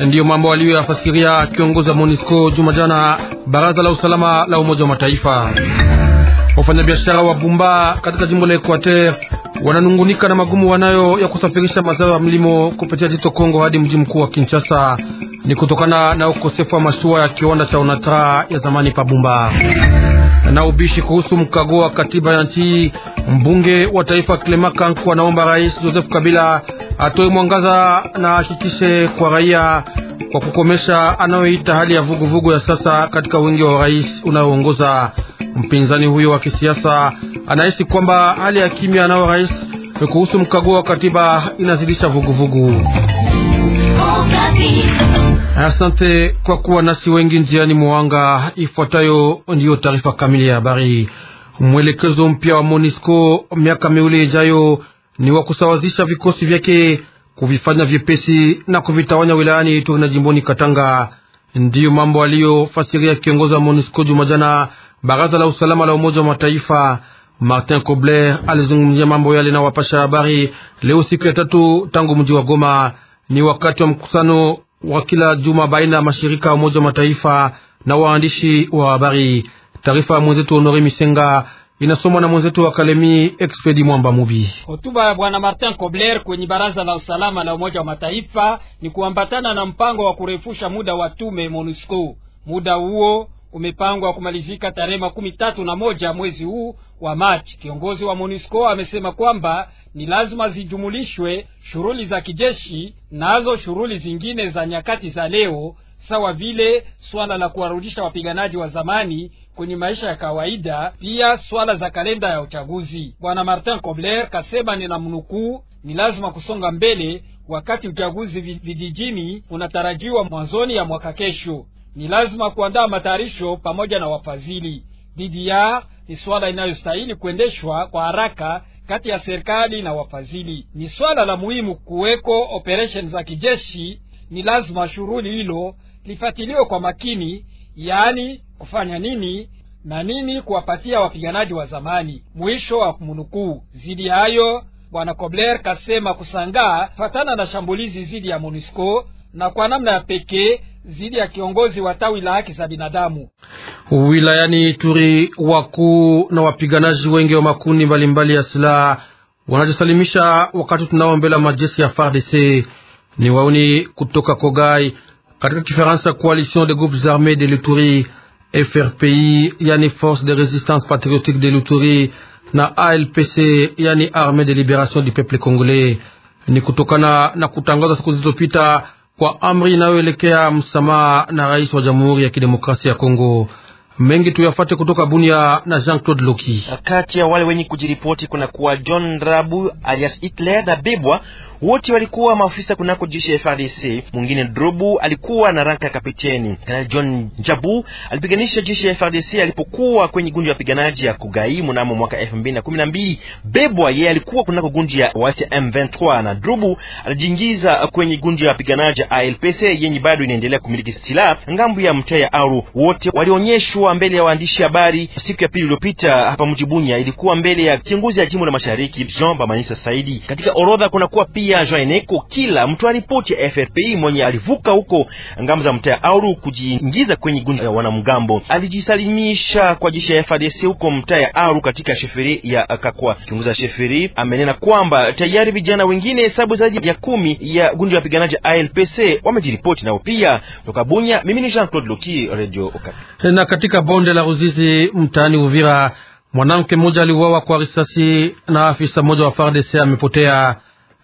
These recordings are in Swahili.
Ndiyo mambo aliyoyafasiria kiongozi wa MONUSCO juma jana, baraza la usalama la Umoja wa Mataifa. Wafanyabiashara wa Bumba katika jimbo la Equateur wananungunika na magumu wanayo ya kusafirisha mazao ya mlimo kupitia Jito Kongo hadi mji mkuu wa Kinshasa. Ni kutokana na ukosefu wa mashua ya kiwanda cha Onatra ya zamani pa Bumba na ubishi kuhusu mkago wa katiba ya nchi. Mbunge wa taifa Clement Kanku anaomba Rais Joseph Kabila atoe mwangaza na ahakikishe kwa raia kwa kukomesha anayoita hali ya vuguvugu vugu ya sasa katika wingi wa rais unayoongoza. Mpinzani huyo wa kisiasa anahisi kwamba hali ya kimya anayo rais kuhusu mkaguo wa katiba inazidisha vuguvugu Asante kwa kuwa nasi wengi njiani mwanga. Ifuatayo ndiyo taarifa kamili ya habari. Mwelekezo mpya wa Monisco miaka miwili ijayo ni wa kusawazisha vikosi vyake kuvifanya vyepesi na kuvitawanya wilayani Ituri na jimboni Katanga. Ndiyo mambo aliyofasiria kiongozi wa MONUSCO Jumajana, baraza la usalama la Umoja wa Mataifa. Martin Kobler alizungumzia mambo yale na wapasha habari leo siku ya tatu tangu mji wa Goma. Ni wakati wa mkusano wa kila juma baina ya mashirika ya Umoja wa Mataifa na waandishi wa habari. Taarifa ya mwenzetu Honore Misenga inasomwa na mwenzetu wa Kalemi Expedi Mwamba Mubi. Hotuba ya bwana Martin Kobler kwenye baraza la usalama la Umoja wa Mataifa ni kuambatana na mpango wa kurefusha muda wa tume MONUSCO. Muda huo umepangwa kumalizika tarehe makumi tatu na moja mwezi huu wa Machi. Kiongozi wa MONUSCO amesema kwamba ni lazima zijumulishwe shughuli za kijeshi nazo shughuli zingine za nyakati za leo sawa vile swala la kuwarudisha wapiganaji wa zamani kwenye maisha ya kawaida, pia swala za kalenda ya uchaguzi. Bwana Martin Kobler kasema, mnukuu ni lazima kusonga mbele wakati uchaguzi vijijini unatarajiwa mwanzoni ya mwaka kesho. Ni lazima kuandaa matayarisho pamoja na wafadhili. DDR ni swala inayostahili kuendeshwa kwa haraka kati ya serikali na wafadhili. Ni swala la muhimu kuweko operation za kijeshi. Ni lazima shughuli hilo lifatiliwe kwa makini, yaani kufanya nini na nini kuwapatia wapiganaji wa zamani. Mwisho wa munukuu. Zidi hayo, bwana Kobler kasema kusangaa fatana na shambulizi zidi ya MONUSCO na kwa namna ya pekee zidi ya kiongozi wa tawi la haki za binadamu wilayani turi Wakuu na wapiganaji wengi wa makundi mbalimbali ya silaha wanajisalimisha wakati tunaombela majeshi ya FARDC ni wauni kutoka Kogai Katika la coalition des groupes armés de l'Uturi, FRPI, yani force de résistance patriotique de l'Uturi na ALPC, yani armée de libération du peuple congolais, ni kutokana na kutangaza siku zilizopita kwa amri inayoelekea msamaha na rais wa Jamhuri ya Kidemokrasia ya Congo. Mengi tuyafate kutoka Bunia na Jean Claude Loki. Kati ya wale wenye kujiripoti kuna kuwa John Rabu alias Hitler na Bebwa, wote walikuwa maafisa kunako jeshi ya FARDC. Mwingine Drubu alikuwa na ranka ya kapiteni. Kanali John Jabu alipiganisha jeshi ya FARDC alipokuwa kwenye gundi ya wapiganaji ya Kugai mnamo mwaka 2012. Bebwa yeye alikuwa kunako gundi ya waasi M23 na Drubu alijiingiza kwenye gundi ya wapiganaji ALPC yenye bado inaendelea kumiliki silaha ngambo ya mtaa ya Aru. Wote walionyeshwa ilikuwa mbele ya waandishi habari siku ya pili iliyopita hapa mji Bunya, ilikuwa mbele ya kiongozi ya jimbo la mashariki Jean Bamanisa Saidi. Katika orodha kuna kuwa pia Jean Eneko, kila mtu aripoti ya FRPI mwenye alivuka huko ngamu za mtaa Auru kujiingiza kwenye gundi ya wanamgambo. Alijisalimisha kwa jeshi ya FARDC huko mtaa ya Auru katika sheferi ya Kakwa. Kiongozi wa sheferi amenena kwamba tayari vijana wengine hesabu zaidi ya kumi ya gundi ya wapiganaji ALPC wamejiripoti nao pia. Toka Bunya, mimi ni Jean Claude Loki, Radio Okapi. Na katika bonde la Ruzizi mtaani Uvira, mwanamke mmoja aliuawa kwa risasi na afisa mmoja wa FARDC amepotea.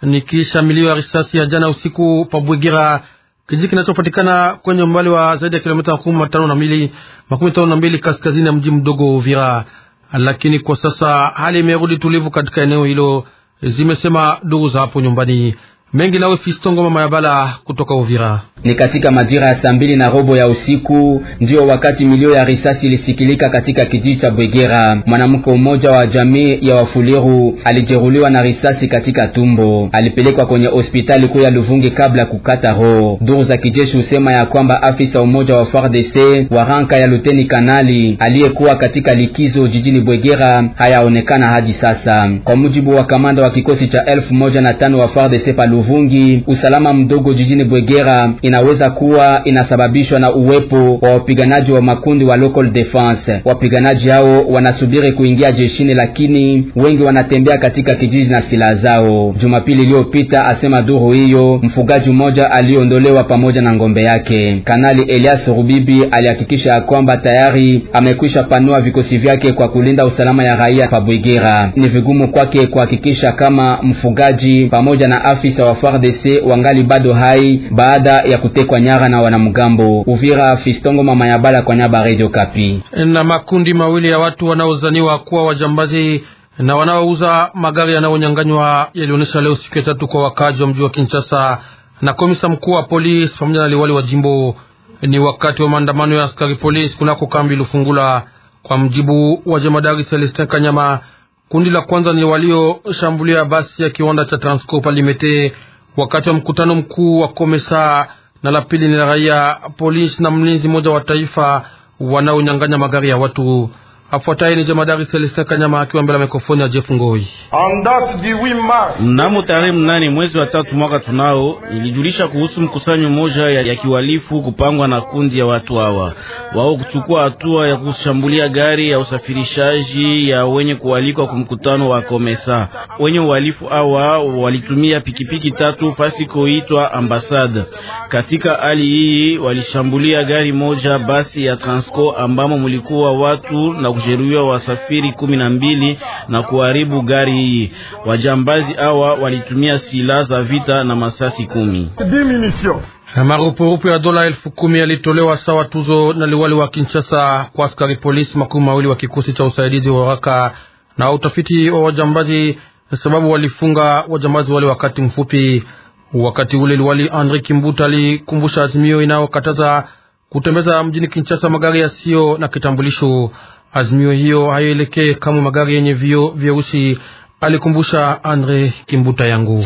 Ni kisha milio ya risasi ya jana usiku Pabwigira, kijiji kinachopatikana kwenye umbali wa zaidi ya kilomita makumi tano na mbili makumi tano na mbili kaskazini ya mji mdogo wa Uvira, lakini kwa sasa hali imerudi tulivu katika eneo hilo, zimesema ndugu za hapo nyumbani. Mengi nawe Fistongo mama ya Bala kutoka Uvira. Ni katika majira ya saa mbili na robo ya usiku ndiyo wakati milio ya risasi ilisikilika katika kijiji cha Bwegera. Mwanamke mmoja wa jamii ya Wafuliru alijeruliwa na risasi katika tumbo, alipelekwa kwenye hospitali kuu ya Luvungi kabla kukata roho. Duru za kijeshi husema ya kwamba afisa umoja wa FARDC wa ranka ya luteni kanali aliyekuwa katika likizo jijini Bwegera hayaonekana hadi sasa. Kwa mujibu wa kamanda wa kikosi cha elfu moja na tano wa FARDC pa Luvungi, usalama mdogo jijini Bwegera inaweza kuwa inasababishwa na uwepo wa wapiganaji wa makundi wa local defense. Wapiganaji hao wanasubiri kuingia jeshini, lakini wengi wanatembea katika kijiji na silaha zao. Jumapili iliyopita, asema duru hiyo, mfugaji mmoja aliondolewa pamoja na ngombe yake. Kanali Elias Rubibi alihakikisha kwamba tayari amekwisha panua vikosi vyake kwa kulinda usalama ya raia pabwigira Ni vigumu kwake kuhakikisha kama mfugaji pamoja na afisa wa FARDC wangali bado hai baada ya kutekwa nyara na wanamgambo Uvira. Fistongo mama ya bala kwa nyaba Radio Kapi. Na makundi mawili ya watu wanaozaniwa kuwa wajambazi na wanaouza magari yanayonyanganywa yalionyesha leo siku ya tatu kwa wakaaji wa mji wa Kinshasa na komisa mkuu wa polisi pamoja na liwali wa jimbo. Ni wakati wa maandamano ya askari polisi kunako kambi Lufungula. Kwa mjibu wa jemadari Celestin Kanyama, kundi la kwanza ni walioshambulia basi ya kiwanda cha Transcopa Limete wakati wa mkutano mkuu wa Komesa na la pili ni raia, polisi na mlinzi mmoja wa taifa wanaonyang'anya magari ya watu. Afuataye ni jemadari Celestin Kanyama akiwa mbele ya mikrofoni ya Jeff Ngoi. Mnamo tarehe mnane mwezi wa tatu mwaka tunao ilijulisha kuhusu mkusanyo mmoja ya, ya kiwalifu kupangwa na kundi ya watu hawa wao kuchukua hatua ya kushambulia gari ya usafirishaji ya wenye kualikwa kwa mkutano wa Komesa. Wenye uhalifu hawa walitumia pikipiki tatu fasi kuitwa ambasada. Katika hali hii walishambulia gari moja basi ya Transco ambamo mulikuwa watu na kujeruhiwa wasafiri kumi na mbili na kuharibu gari hii. Wajambazi hawa walitumia silaha za vita na masasi kumi. Marupurupu ya dola elfu kumi yalitolewa sawa tuzo na liwali wa Kinshasa kwa askari polisi makumi mawili wa kikosi cha usaidizi wa haraka na utafiti wa wajambazi, sababu walifunga wajambazi wale wakati mfupi. Wakati ule liwali Andre Kimbuta alikumbusha azimio inayokataza kutembeza mjini Kinshasa magari yasiyo na kitambulisho. Azimio hiyo haielekee kama magari yenye vio vyeusi, alikumbusha Andre Kimbuta yangu.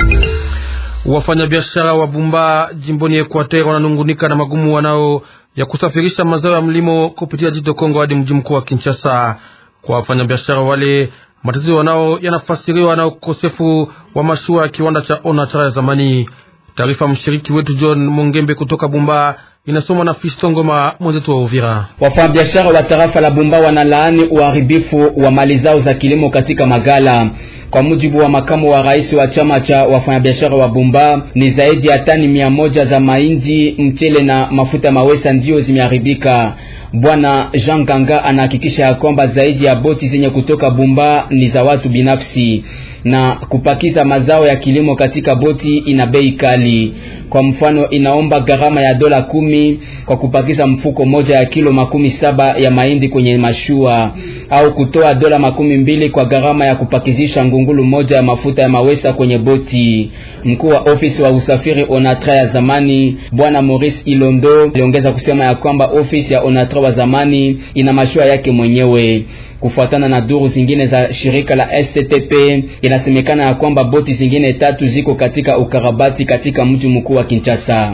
Wafanyabiashara wa Bumba jimboni Ekuater wananungunika na magumu wanao ya kusafirisha mazao ya mlimo kupitia jito Kongo hadi mji mkuu wa Kinshasa. Kwa wafanyabiashara wale, matatizo wanao yanafasiriwa na ukosefu wa mashua ya kiwanda cha Onatra ya zamani. Taarifa mshiriki wetu John Mungembe kutoka Bumba. Inasoma na Fiston Ngoma mwenzetu wa Uvira. Wafanyabiashara wa tarafa la Bumba wanalaani uharibifu wa mali zao za kilimo katika magala. Kwa mujibu wa makamu wa rais wa chama cha wafanyabiashara wa Bumba, ni zaidi ya tani mia moja za mahindi, mchele na mafuta mawesa ndiyo zimeharibika. Bwana Jean Ganga anahakikisha ya kwamba zaidi ya boti zenye kutoka Bumba ni za watu binafsi na kupakiza mazao ya kilimo katika boti ina bei kali. Kwa mfano, inaomba gharama ya dola kumi kwa kupakiza mfuko moja ya kilo makumi saba ya mahindi kwenye mashua au kutoa dola makumi mbili kwa gharama ya kupakizisha ngungulu moja ya mafuta ya mawesa kwenye boti. Mkuu wa ofisi wa usafiri Onatra ya zamani Bwana Maurice Ilondo aliongeza kusema ya kwamba ofisi ya Onatra wa zamani ina mashua yake mwenyewe, kufuatana na duru zingine za shirika la STTP ina inasemekana ya kwamba boti zingine tatu ziko katika ukarabati katika mji mkuu wa Kinshasa.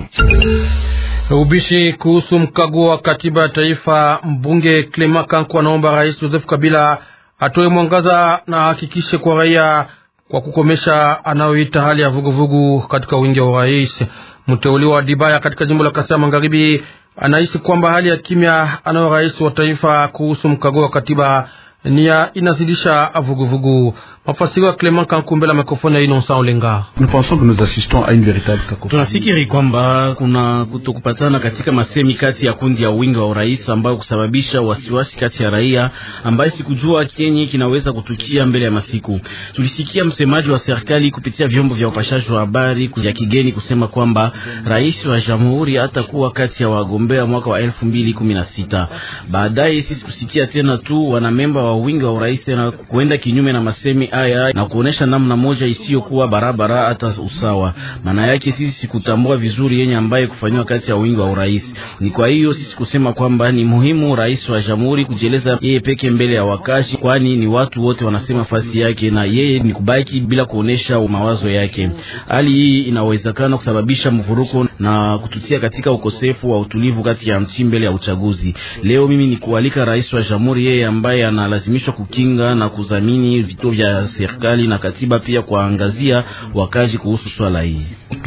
Ubishi kuhusu mkaguo wa katiba ya taifa, mbunge Clement Kanku anaomba Rais Joseph Kabila atoe mwangaza na ahakikishe kwa raia kwa kukomesha anayoita hali ya vuguvugu vugu katika wingi wa urais. Mteuliwa wa Dibaya katika jimbo la Kasai Magharibi anahisi kwamba hali ya kimya anayo rais wa taifa kuhusu mkaguo wa katiba ni ya inazidisha vuguvugu. Mafasiri wa Clement Kankumbe la mikrofoni ya Innocent Olenga. Tunafikiri kwamba kuna kutokupatana katika masemi kati ya kundi ya wingi wa urais ambayo kusababisha wasiwasi kati ya raia ambaye sikujua kenye kinaweza kutukia mbele ya masiku. Tulisikia msemaji wa serikali kupitia vyombo vya upashaji wa habari vya kigeni kusema kwamba rais wa jamhuri hatakuwa kati ya wagombea mwaka wa 2016. Baadaye sisi kusikia tena tu wanamemba wa wa wingi wa urais na kuenda kinyume na masemi haya na kuonesha namna moja isiyokuwa barabara hata usawa. Maana yake sisi sikutambua vizuri yenye ambaye kufanywa kati ya wingi wa urais. Ni kwa hiyo sisi kusema kwamba ni muhimu rais wa jamhuri kujieleza yeye peke mbele ya wakashi, kwani ni watu wote wanasema fasi yake na yeye ni kubaki bila kuonesha mawazo yake. Hali hii inawezekana kusababisha mvuruko na kututia katika ukosefu wa utulivu kati ya nchi mbele ya uchaguzi. Leo mimi ni kualika rais wa jamhuri yeye ambaye ana walilazimishwa kukinga na kudhamini vituo vya serikali na katiba, pia kuangazia wakazi kuhusu swala hili.